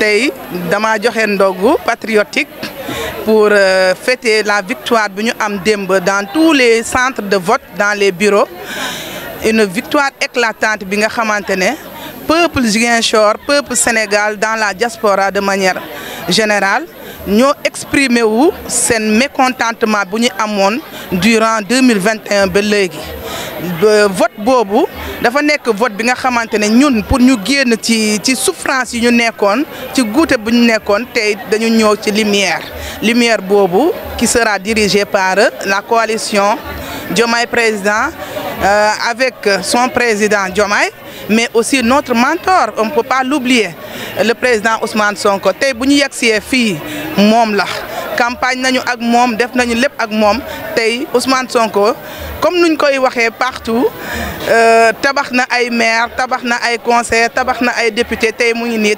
Je dama joxe patriotique pour euh, fêter la victoire de ñu am dans tous les centres de vote dans les bureaux une victoire éclatante bi nga peuple peuple Sénégal dans la diaspora de manière général nous exprimer wu mécontentement mécontentement nous avons durant 2021 Le vote bobu dafa nek vote bi nga xamantene ñun pour ñu guérir ci ci souffrance yi ñu nekkoon ci la bu ñu nekkoon dañu ci lumière lumière qui sera dirigée par la coalition Diomaye Président euh, avec euh, son président Diomaye mais aussi notre mentor on ne peut pas l'oublier le président Ousmane Sonko tey bu ñu yegsee fii la campagne nañu ak mom def nañu lepp ak mom tay Ousmane Sonko comme nous koy waxé partout euh tabaxna ay maire tabaxna ay conseil tabaxna ay député tay mu ngi nii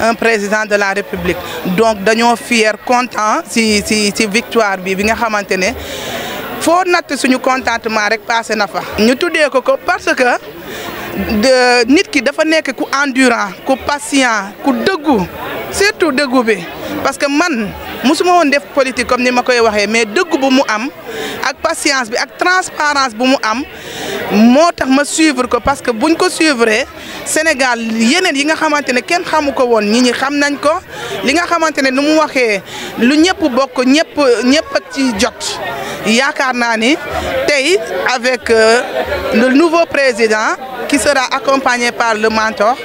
un président de la république donc dañoo fier content si si si victoire bi bi nga xamante foo natt suñu contentement rek passé na fa. ñu tuddee ko ko parce que nit ki dafa nekk ku endurant ku patient ku dëggu surtout dëggu bi parce que man musuma woon def politique comme ni ma koy waxee mais dëggu bu mu am ak patience bi ak transparence bu mu am moo tax ma suivre ko parce que buñ ko suivre Sénégal yeneen yi nga xamante ne kenn xamu ko woon ñi ñi xam nañ ko li nga xamante ne nu mu waxee lu ñëpp bokk ñëpp ñëpp ci jot. Yakarnani avec euh, le nouveau président qui sera accompagné par le mentor